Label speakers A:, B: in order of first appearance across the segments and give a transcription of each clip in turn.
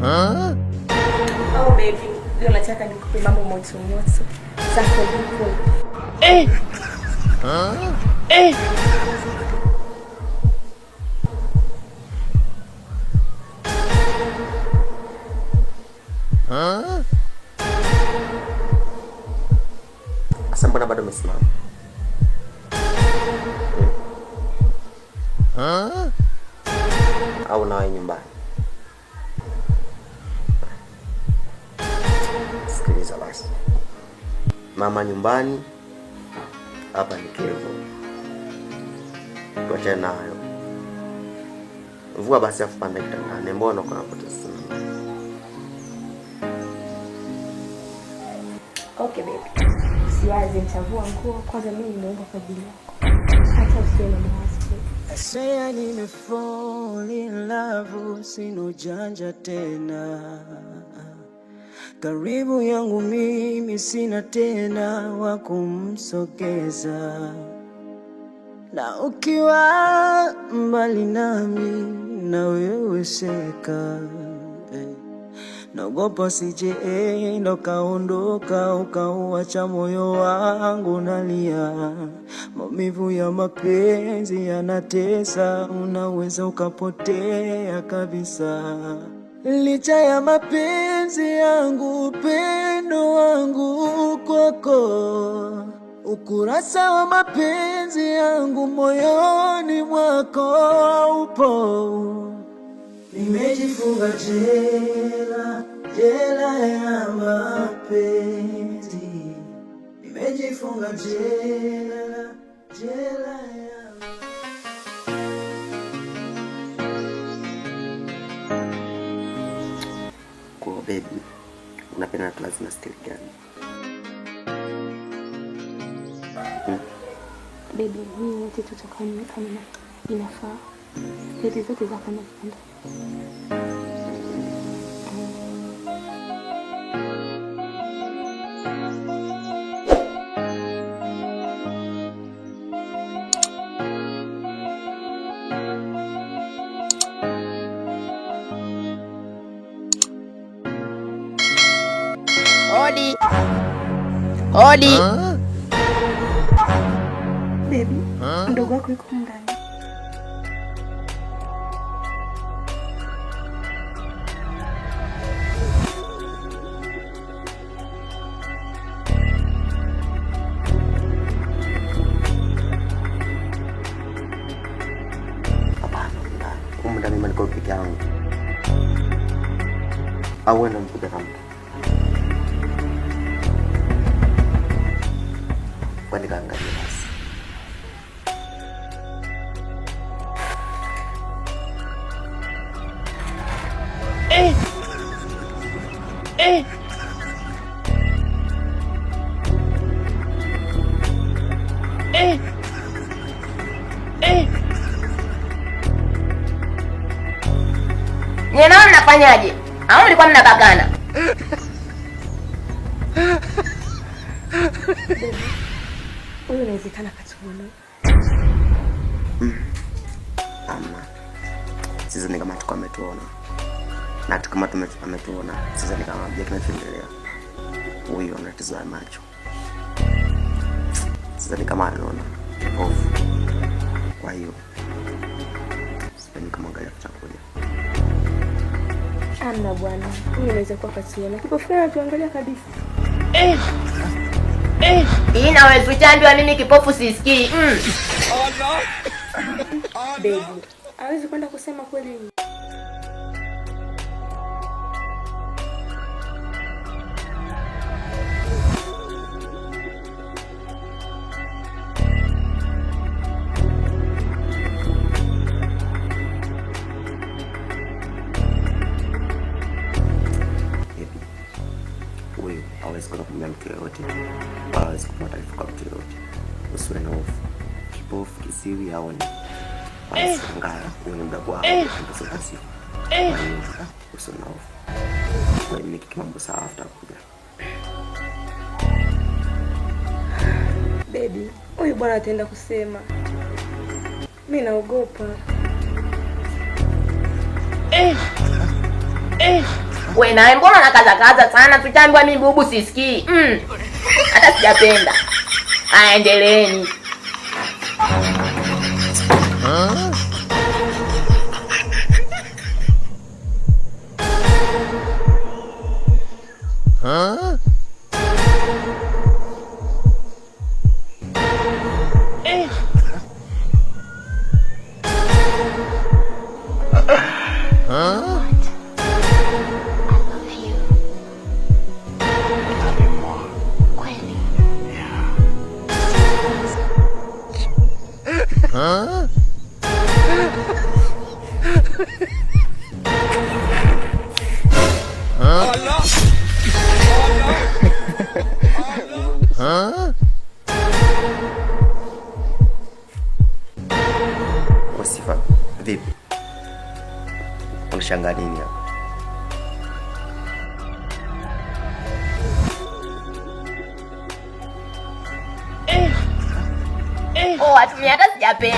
A: Huh? Oh baby, leo nataka Sasa eh! Huh? Eh! Huh? mbona bado umesimama? Huh? Au nawe nyumbani? Sikiliza basi, mama nyumbani hapa ni kevo, tuachane nayo. Vua basi afu panda kitandani, mbona kunapoteza sana.
B: Okay baby, siazi nitavua nguo kwanza. Mimi nimeomba kwa ajili yako, hata usiwe na
C: mawazo. I say I need to fall in love, sina ujanja tena karibu yangu mimi sina tena wa kumsogeza, na ukiwa mbali nami na wewe seka Naogopa sije enda ukaondoka ukauacha moyo wangu nalia. Maumivu ya mapenzi yanatesa, unaweza ukapotea
A: kabisa licha ya mapenzi yangu, upendo wangu kwako, ukurasa wa mapenzi yangu moyoni mwako upo. Nimejifunga jela, jela ya mapenzi, nimejifunga jela, jela ya baby, unapenda plasma steel gani?
B: Hmm. Baby, mimi yote tutakayo kama inafaa. Hizi zote za kama
D: Hodi. Hodi.
B: Baby, mdogo wako yuko ndani.
A: ndani niko peke yangu. Au wewe unamkuta kama
D: Eh. Nyie nao mnafanyaje? Au mlikuwa mnabagana?
B: Huyu inawezekana katuona.
A: Sasa ni kama tuko ametuona. Na kama tumetuona, sasa ni kama je, kinachoendelea. Huyu anatizama macho sidhani kama anaona kipofu, kwa hiyo sidhani kama angalia tutakuja.
B: Amna bwana, huyu anaweza kuwa kasiona kipofu, natuangalia kabisa eh.
D: Eh, inawezichandwa mimi kipofu sisikii. Mm.
B: Oh no. Oh no. Baby, hawezi kwenda kusema kweli
A: hawawezi kupata kifo mtu yoyote. Usiwe na hofu. Kipofu, kisiwi haoni. Wanashangaa huyu ni mdogo wao, Usiwe na hofu. Wewe mambo sawa aftakuja.
B: Baby, huyu bwana ataenda kusema. mi naogopa.
D: Eh. Eh. Wewe naye mbona nakaza kaza sana, tutaambiwa mimi bubu sisikii. Mm hata sijapenda. Aendeleeni. poa tu, mimi hata sijapenda.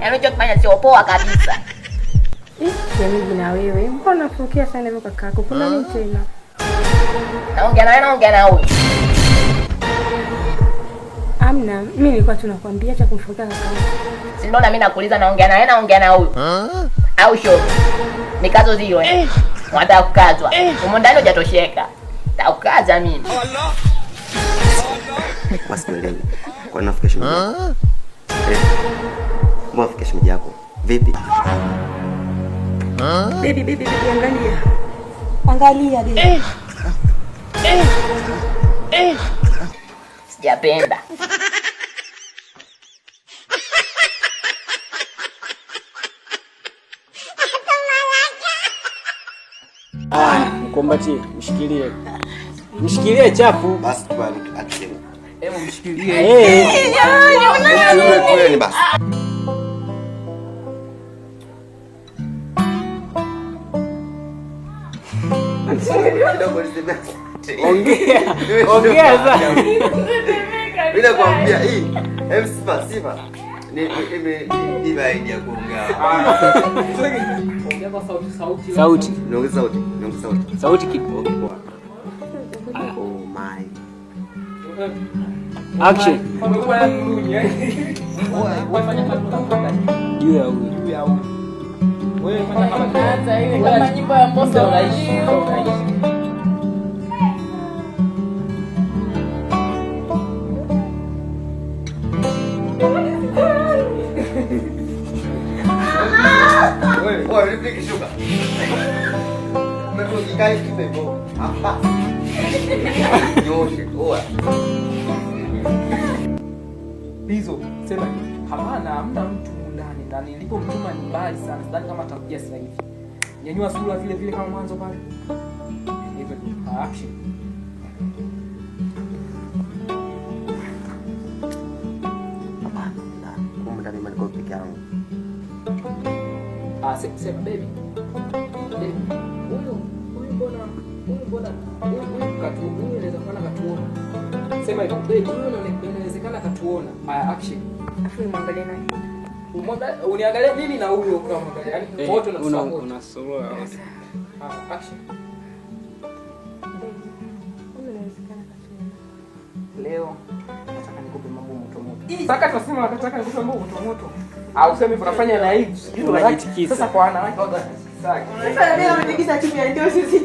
D: Yaani unachokifanya sio poa kabisa.
B: Jamii na wewe, mbona unafokea sana hivyo kaka yako? Kuna nini tena?
D: Naongea nawe naongea na huyu.
B: Amna, mimi nilikuwa tu nakwambia cha kumfokea kaka.
D: Si ndio na mimi nakuuliza naongea nawe naongea na huyu. Au sio? kazo zio eh. Wanataka eh. kukazwa. Humo eh. ndani hujatosheka. Takukaza mimi. Allah.
A: Allah kwa nafukia shemeji yako. Eh. Mbona nafukia shemeji yako? Vipi?
B: Bibi bibi bibi angalia. Angalia bibi. Eh.
D: Eh. Eh. Sijapenda.
E: Mkombati, ah, mshikilie. Mshikilie
A: chafu. Basi tukubali.
E: Hebu
D: mshikilie.
A: Jamani, basi. Sauti sauti. Sauti. Sauti.
E: Sauti. Sauti Action. Juu ya huyu. Juu ya huyu. Wewe kama nyimbo ya mbosa unaishi.
A: Wewe, wewe, 그리고 이달 김에 뭐 아빠 요시 오야
E: hizo sema hapana, hamna mtu ndani na nilipomtuma ni mbali sana, sidhani kama atakuja sasa hivi. Nyanyua sura vile vile kama mwanzo pale hivyo, action Ah, sema baby. Baby inawezekana katuona. Haya, action. Uniangalie mimi na huyo yaani leo nataka nikupe mambo moto moto. nikupe mambo moto moto. Au sema unafanya na hivi. Sasa kwa wanawake.
B: Sasa leo umetikisa kimya ndio sisi.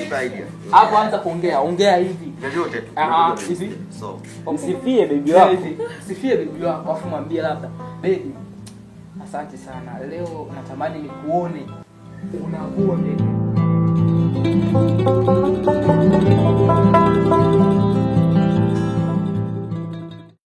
E: hapo, anza kuongea, ongea
A: hivi vyovyote,
E: msifie bibi wako, msifie bibi wako, afu mwambie labda, baby, asante sana, leo natamani nikuone unakuwa